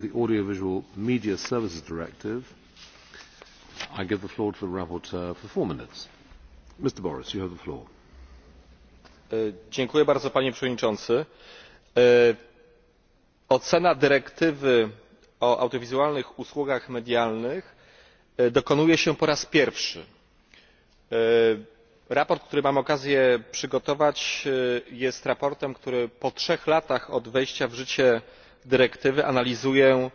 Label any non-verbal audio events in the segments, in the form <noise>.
the Audiovisual Media Services Directive. I give the floor to the rapporteur for four minutes. Mr. Boris, you have the floor. E, dziękuję bardzo, panie przewodniczący. E, ocena dyrektywy o audiowizualnych usługach medialnych e, dokonuje się po raz pierwszy. Raport, który mam okazję przygotować, jest raportem, który po trzech latach od wejścia w życie dyrektywy analizują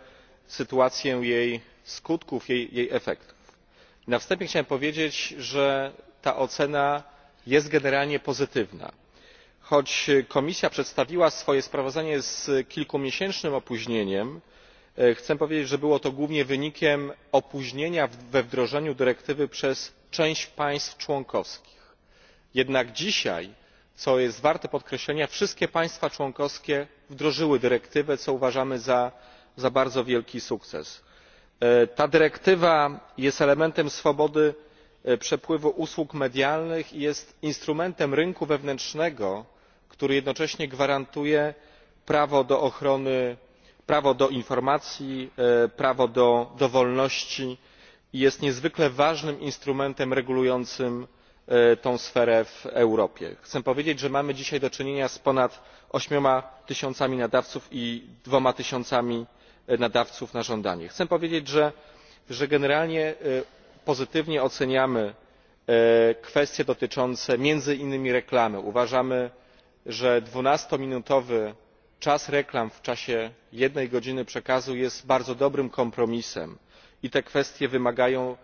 sytuację jej skutków jej efektów. na wstępie chciałem powiedzieć że ta ocena jest generalnie pozytywna. choć komisja przedstawiła swoje sprawozdanie z kilkumiesięcznym opóźnieniem e, chcę powiedzieć że było to głównie wynikiem opóźnienia we wdrożeniu dyrektywy przez część państw członkowskich. jednak dzisiaj co jest warte podkreślenia wszystkie państwa członkowskie wdrożyły dyrektywę co uważamy za bardzo wielki sukces. E, ta dyrektywa jest elementem swobody e, przepływu usług medialnych i jest instrumentem rynku wewnętrznego który jednocześnie gwarantuje prawo do ochrony prawo do informacji e, prawo do wolności i jest niezwykle ważnym instrumentem regulującym E, tę sferę w europie. chcę powiedzieć że mamy dzisiaj do czynienia z ponad osiem tysiącami nadawców i dwa tysiącami e, nadawców na żądanie. chcę powiedzieć że generalnie e, pozytywnie oceniamy kwestie dotyczące między innymi reklamy. uważamy że minutowy czas reklam w czasie jednej godziny przekazu jest bardzo dobrym kompromisem i te kwestie wymagają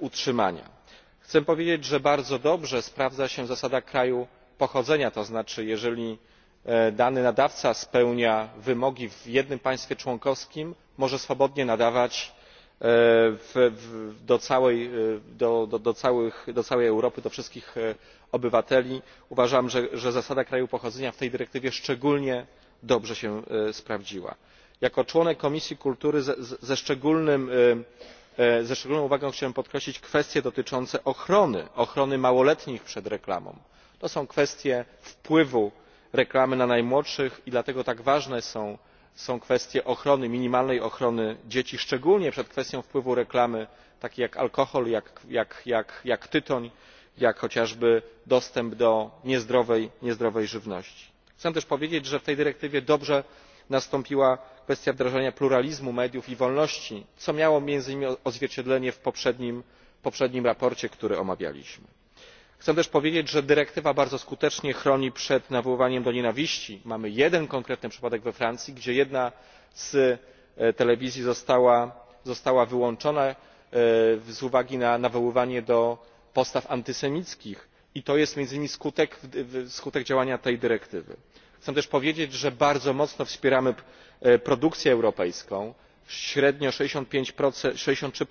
utrzymania chcę powiedzieć że bardzo dobrze sprawdza się zasada kraju pochodzenia to znaczy jeżeli e, dany nadawca spełnia wymogi w jednym państwie członkowskim może swobodnie nadawać do całej europy do wszystkich e, obywateli. uważam że zasada kraju pochodzenia w tej dyrektywie szczególnie dobrze się e, sprawdziła. jako członek komisji kultury ze szczególnym E, ze szczególną uwagą chciałem podkreślić kwestie dotyczące ochrony ochrony małoletnich przed reklamą. to są kwestie wpływu reklamy na najmłodszych i dlatego tak ważne są kwestie ochrony minimalnej ochrony dzieci szczególnie przed kwestią wpływu reklamy takiej jak alkohol jak tytoń jak chociażby dostęp do niezdrowej żywności. chcę też powiedzieć że w tej dyrektywie dobrze nastąpiła kwestia wdrażania pluralizmu mediów i wolności co miało między innymi odzwierciedlenie w poprzednim sprawozdaniu które omawialiśmy. chcę też powiedzieć że dyrektywa bardzo skutecznie chroni przed nawoływaniem do nienawiści. mamy jeden konkretny przypadek we francji gdzie jedna z e, telewizji została wyłączona e, z uwagi na nawoływanie do postaw antysemickich i to jest między innymi skutek działania tej dyrektywy chcę też powiedzieć że bardzo mocno wspieramy e, produkcję europejską średnio sześćdziesiąt trzy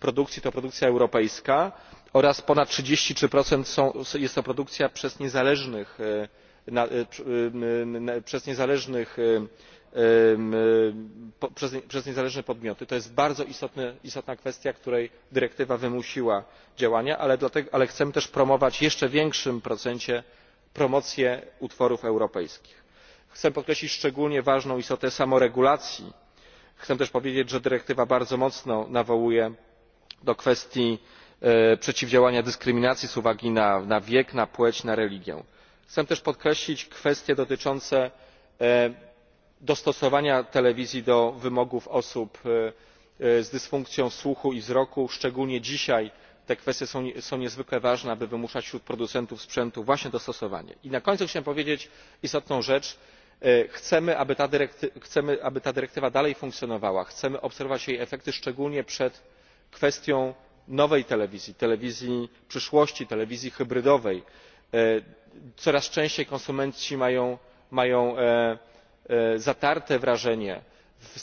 produkcji to produkcja europejska oraz ponad trzydzieści trzy jest to produkcja przez niezależne podmioty. to jest bardzo istotna kwestia której dyrektywa wymusiła działania ale chcemy też promować w jeszcze większym procencie promocję utworów europejskich. chcę podkreślić szczególnie ważną istotę samoregulacji. chcę też powiedzieć że dyrektywa bardzo mocno nawołuje do kwestii e, przeciwdziałania dyskryminacji z uwagi na wiek na płeć na religię. chcę też podkreślić kwestie dotyczące e, dostosowania telewizji do wymogów osób e, z dysfunkcją słuchu i wzroku szczególnie dzisiaj te kwestie są, niezwykle ważne aby wymuszać wśród producentów sprzętu właśnie dostosowanie. i na końcu chciałem powiedzieć istotną rzecz e, chcemy aby ta, dyrektywa dalej funkcjonowała chcemy obserwować jej efekty szczególnie przed kwestią nowej telewizji telewizji przyszłości telewizji hybrydowej. E, coraz częściej konsumenci mają e, zatarte wrażenie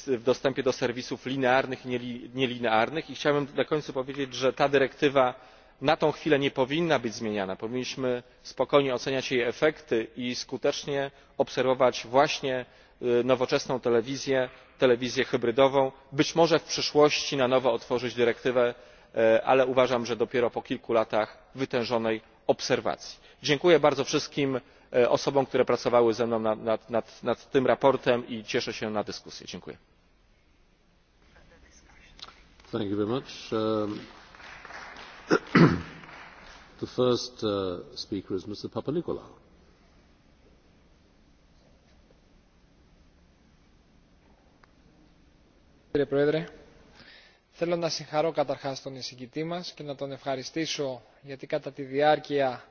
w dostępie do serwisów linearnych i nielinearnych i chciałbym na końcu powiedzieć że ta dyrektywa na tę chwilę nie powinna być zmieniana. powinniśmy spokojnie oceniać jej efekty i skutecznie obserwować właśnie nowoczesną telewizję telewizję hybrydową być może w przyszłości na nowo otworzyć dyrektywę ale uważam że dopiero po kilku latach wytężonej obserwacji. dziękuję bardzo wszystkim E, osobom które pracowały ze mną nad, nad, nad, tym sprawozdaniem i cieszę się na dyskusję. dziękuję. Thank you very much. Um, <coughs> first uh, speaker is Mr. Papa Κύριε Πρόεδρε, θέλω να συγχαρώ καταρχάς τον εισηγητή μας και να τον ευχαριστήσω γιατί κατά τη διάρκεια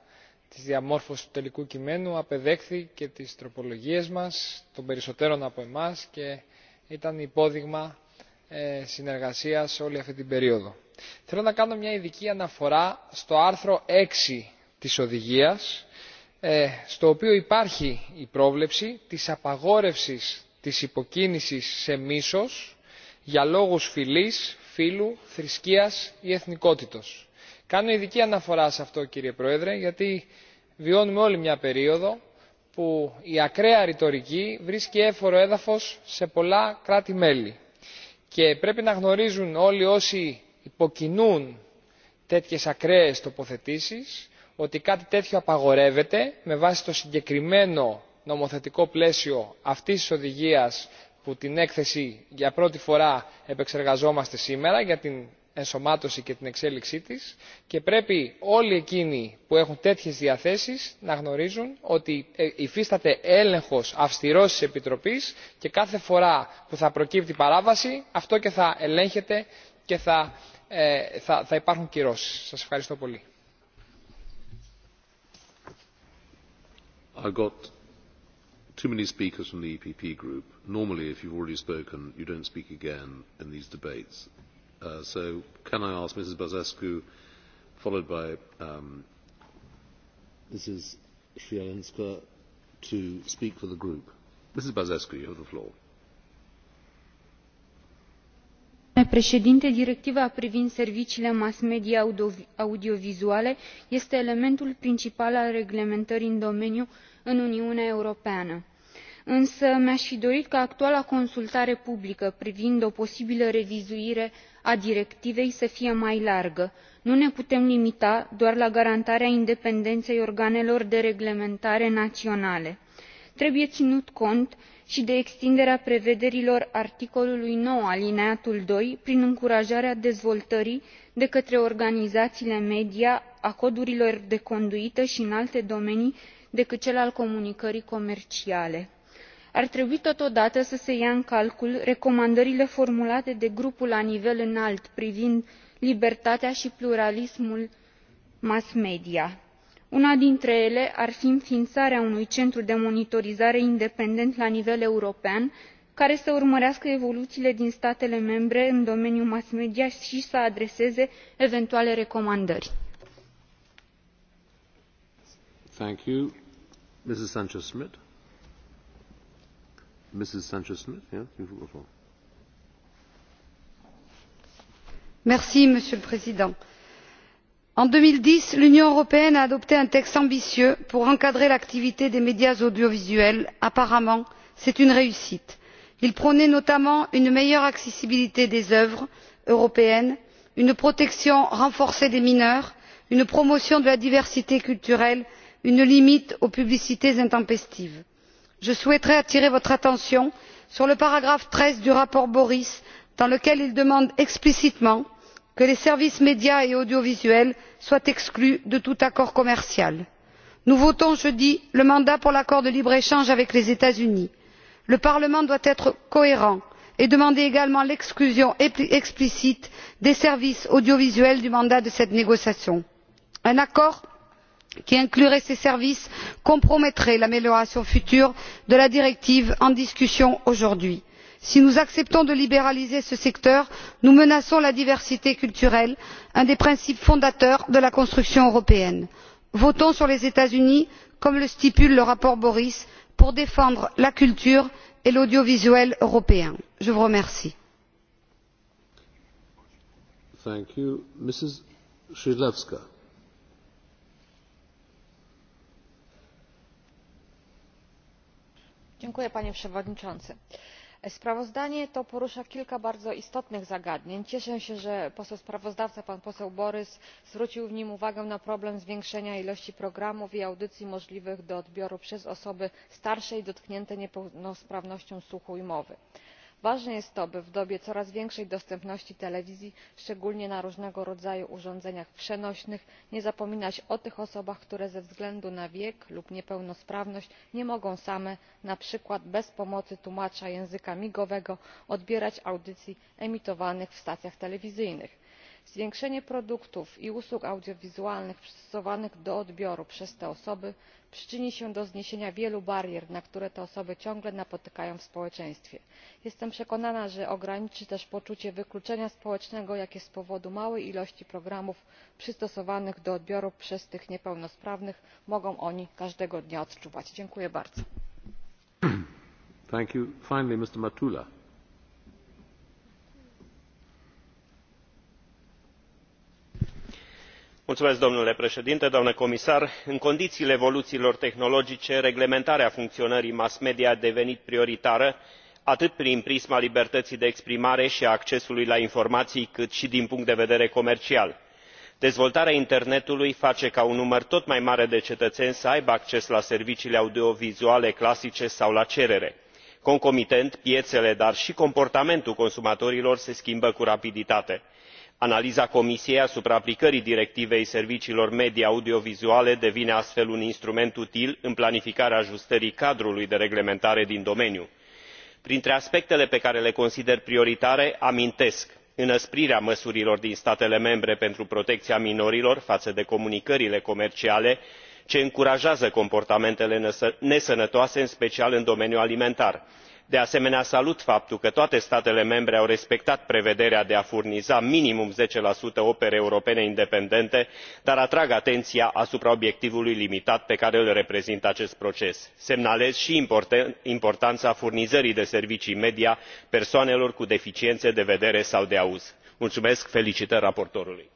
της διαμόρφωσης του τελικού κειμένου απεδέχθη και τις τροπολογίες μας των περισσότερων από εμάς και ήταν υπόδειγμα συνεργασίας όλη αυτή την περίοδο. Θέλω να κάνω μια ειδική αναφορά στο άρθρο 6 της οδηγίας στο οποίο υπάρχει η πρόβλεψη της απαγόρευσης της υποκίνησης σε μίσος για λόγους φιλής φίλου, θρησκείας ή εθνικότητος. Κάνω ειδική αναφορά σε αυτό κύριε Πρόεδρε γιατί βιώνουμε όλη μια περίοδο που η ακραία ρητορική βρίσκει έφορο έδαφος σε πολλά κράτη-μέλη. Και πρέπει να γνωρίζουν όλοι όσοι υποκινούν τέτοιες ακραίες τοποθετήσεις ότι κάτι τέτοιο απαγορεύεται με βάση το συγκεκριμένο νομοθετικό πλαίσιο αυτής της οδηγίας που την έκθεση για πρώτη φορά επεξεργαζόμαστε σήμερα για την ενσωμάτωση και την εξέλιξή της και πρέπει όλοι εκείνοι που έχουν τέτοιες διαθέσεις να γνωρίζουν ότι υφίσταται έλεγχος αυστηρός της Επιτροπής και κάθε φορά που θα προκύπτει παράβαση αυτό και θα ελέγχεται και θα, ε, θα, θα υπάρχουν κυρώσεις. Σας ευχαριστώ πολύ. got too many speakers from the EPP group. Normally, if you've already spoken, you don't speak again in these debates. Uh, so can I ask Mrs. bsescu followed by um, Mrs. to speak for the group? Mrs. bsescu, you have the floor. Președinte, directiva privind serviciile mass media audiovizuale este elementul principal al reglementării în domeniu în Uniunea Europeană însă mi aș fi dorit ca actuala consultare publică privind o posibilă revizuire a directivei să fie mai largă. nu ne putem limita doar la garantarea independenței organelor de reglementare naționale. trebuie ținut cont și de extinderea prevederilor articolului nouă alineatul doi prin încurajarea dezvoltării de către organizațiile media a codurilor de conduită și în alte domenii decât cel al comunicării comerciale ar trebui totodată să se ia în calcul recomandările formulate de grupul la nivel înalt privind libertatea și pluralismul mass media. una dintre ele ar fi înființarea unui centru de monitorizare independent la nivel european care să urmărească evoluțiile din statele membre în domeniul mass media și să adreseze eventuale recomandări. Merci, monsieur le président en deux mille dix l'union européenne a adopté un texte ambitieux pour encadrer l'activité des médias audiovisuels. apparemment c'est une réussite. il prônait notamment une meilleure accessibilité des œuvres européennes une protection renforcée des mineurs une promotion de la diversité culturelle une limite aux publicités intempestives je souhaiterais attirer votre attention sur le paragraphe treize du rapport boris dans lequel il demande explicitement que les services médias et audiovisuels soient exclus de tout accord commercial. nous votons jeudi le mandat pour l'accord de libre échange avec les états unis. le parlement doit être cohérent et demander également l'exclusion explicite des services audiovisuels du mandat de cette négociation. un accord qui inclurait ces services compromettrait l'amélioration future de la directive en discussion aujourd'hui. si nous acceptons de libéraliser ce secteur nous menaçons la diversité culturelle un des principes fondateurs de la construction européenne. votons sur les états unis comme le stipule le rapport borys pour défendre la culture et l'audiovisuel européen. je vous remercie. panie przewodniczący! E, sprawozdanie to porusza kilka bardzo istotnych zagadnień. cieszę się że poseł sprawozdawca pan poseł borys zwrócił w nim uwagę na problem zwiększenia ilości programów i audycji możliwych do odbioru przez osoby starsze i dotknięte niepełnosprawnością słuchu i mowy ważne jest to by w dobie coraz większej dostępności telewizji szczególnie na różnego rodzaju urządzeniach przenośnych nie zapominać o tych osobach które ze względu na wiek lub niepełnosprawność nie mogą same na przykład bez pomocy tłumacza języka migowego odbierać audycji emitowanych w stacjach telewizyjnych zwiększenie produktów i usług audiowizualnych przystosowanych do odbioru przez te osoby przyczyni się do zniesienia wielu barier na które te osoby ciągle napotykają w społeczeństwie. jestem przekonana że ograniczy też poczucie wykluczenia społecznego jakie z powodu małej ilości programów przystosowanych do odbioru przez tych niepełnosprawnych mogą oni każdego dnia odczuwać. dziękuję bardzo. domnule președinte doamnă comisar în condițiile evoluțiilor tehnologice reglementarea funcționării mass media a devenit prioritară atât prin prisma libertății de exprimare și a accesului la informații cât și din punct de vedere comercial. dezvoltarea internetului face ca un număr tot mai mare de cetățeni să aibă acces la serviciile audiovizuale clasice sau la cerere. concomitent piețele dar și comportamentul consumatorilor se schimbă cu rapiditate analiza comisiei asupra aplicării directivei serviciilor media audiovizuale devine astfel un instrument util în planificarea ajustării cadrului de reglementare din domeniu. printre aspectele pe care le consider prioritare amintesc înăsprirea măsurilor din statele membre pentru protecia minorilor faă de comunicările comerciale ce încurajează comportamentele nesănătoase în special în domeniul alimentar; de asemenea salut faptul că toate statele membre au respectat prevederea de a furniza minimum zece opere europene independente dar atrag atenția asupra obiectivului limitat pe care îl reprezintă acest proces. semnalez și importanța furnizării de servicii media persoanelor cu deficiențe de vedere sau de auz. mulțumesc felicitări raportorului.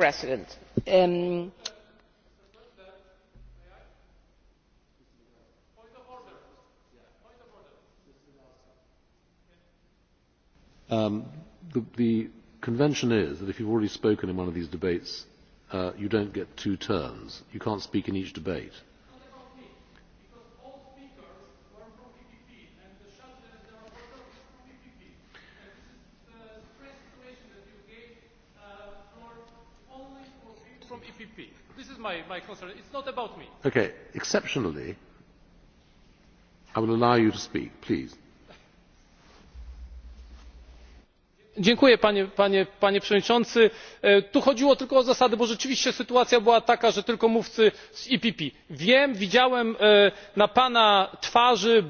president um, the, convention is that if you have already spoken in one of these debates uh, you do not get two turns. you cannot speak in each debate. my, my concern. It's not about me. Okay. Exceptionally, I will allow you to speak. Please. Dziękuję panie, panie, panie przewodniczący. E, tu chodziło tylko o zasady, bo rzeczywiście sytuacja była taka, że tylko mówcy z IPP. E Wiem, widziałem e, na pana twarzy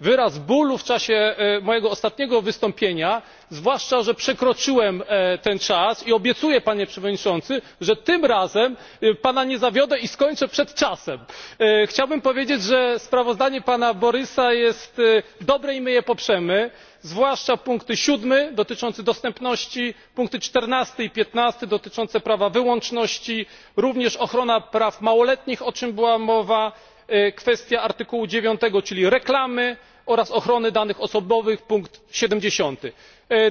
wyraz bólu w czasie mojego ostatniego wystąpienia zwłaszcza że przekroczyłem e, ten czas i obiecuję panie przewodniczący że tym razem e, pana nie zawiodę i skończę przed czasem. E, chciałbym powiedzieć że sprawozdanie pana borysa jest dobre i my je poprzemy zwłaszcza punkty siedem dotyczący dostępności punkty czternaście i piętnaście dotyczące prawa wyłączności również ochrona praw małoletnich o czym była mowa kwestia artykułu dziewięć czyli reklamy oraz ochrony danych osobowych punkt. siedemdziesiąt e,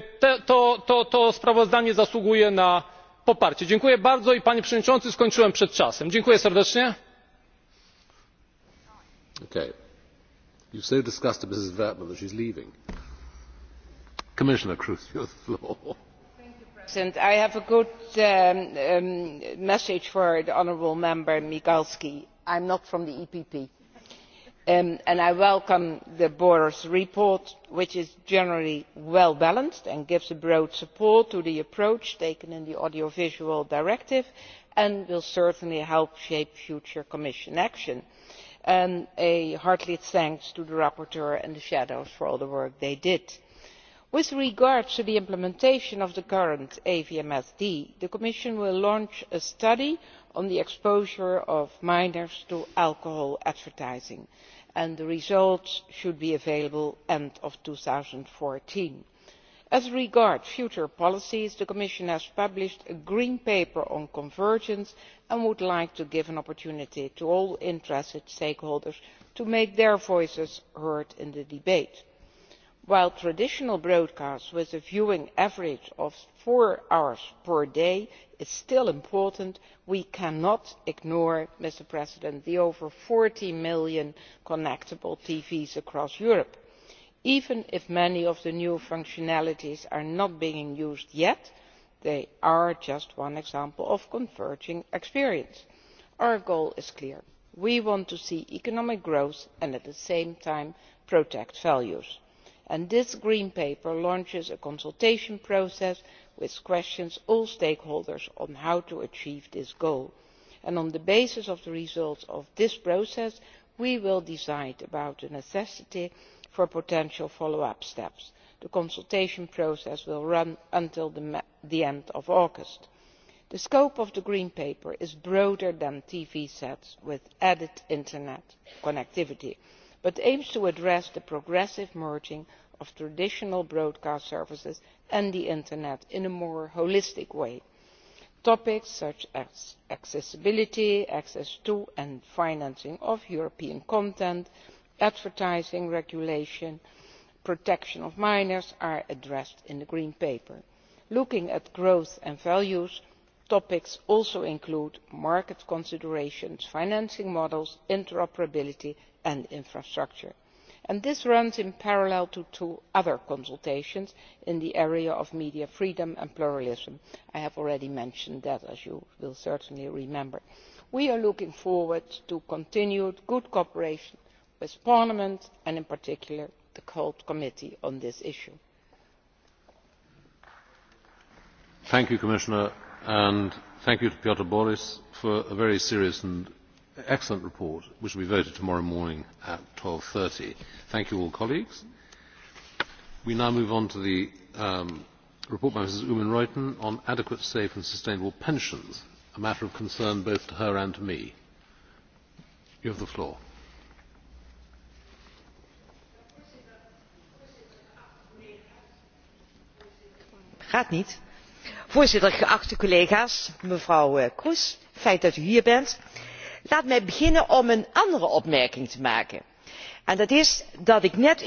to sprawozdanie zasługuje na poparcie. dziękuję bardzo i panie przewodniczący skończyłem przed czasem. dziękuję serdecznie. a message for member migalski not from the epp. Um, and i welcome the borers report which is generally well balanced and gives broad support to the approach taken in the audiovisual directive and will certainly help shape future commission action. Um, a hearty thanks to the rapporteur and the shadows for all the work they did. with regard to the implementation of the current avmsd the commission will launch a study on the exposure of minors to alcohol advertising and the results should be available by the end of. two thousand and fourteen as regards future policies the commission has published a green paper on convergence and would like to give an opportunity to all interested stakeholders to make their voices heard in the debate while traditional broadcast with a viewing average of four hours per day is still important we cannot ignore the over forty million connectable tvs across europe. even if many of the new functionalities are not being used yet they are just one example of converging experience. our goal is clear we want to see economic growth and at the same time protect values and this green paper launches a consultation process which questions all stakeholders on how to achieve this goal and on the basis of the results of this process we will decide about the necessity for potential follow up steps. the consultation process will run until the end of august. the scope of the green paper is broader than tv sets with added internet connectivity but aims to address the progressive merging of traditional broadcast services and the internet in a more holistic way. topics such as accessibility access to and financing of european content advertising regulation and protection of minors are addressed in the green paper. looking at growth and values topics also include market considerations financing models interoperability and infrastructure. this runs in parallel to two other consultations in the area of media freedom and pluralism i have already mentioned that as you will certainly remember. we are looking forward to continued good cooperation with parliament and in particular the cult committee on this issue and thank you to Piotr Boris for a very serious and excellent report which will be voted tomorrow morning at. twelve thirty thank you all colleagues. we now move on to the um, report by mrs oomen ruijten on adequate safe and sustainable pensions a matter of concern both to her and to me. you have the floor voorzitter geachte collega's mevrouw eh, kroes fijn dat u hier bent. laat mij beginnen om een andere opmerking te maken en dat is dat ik net...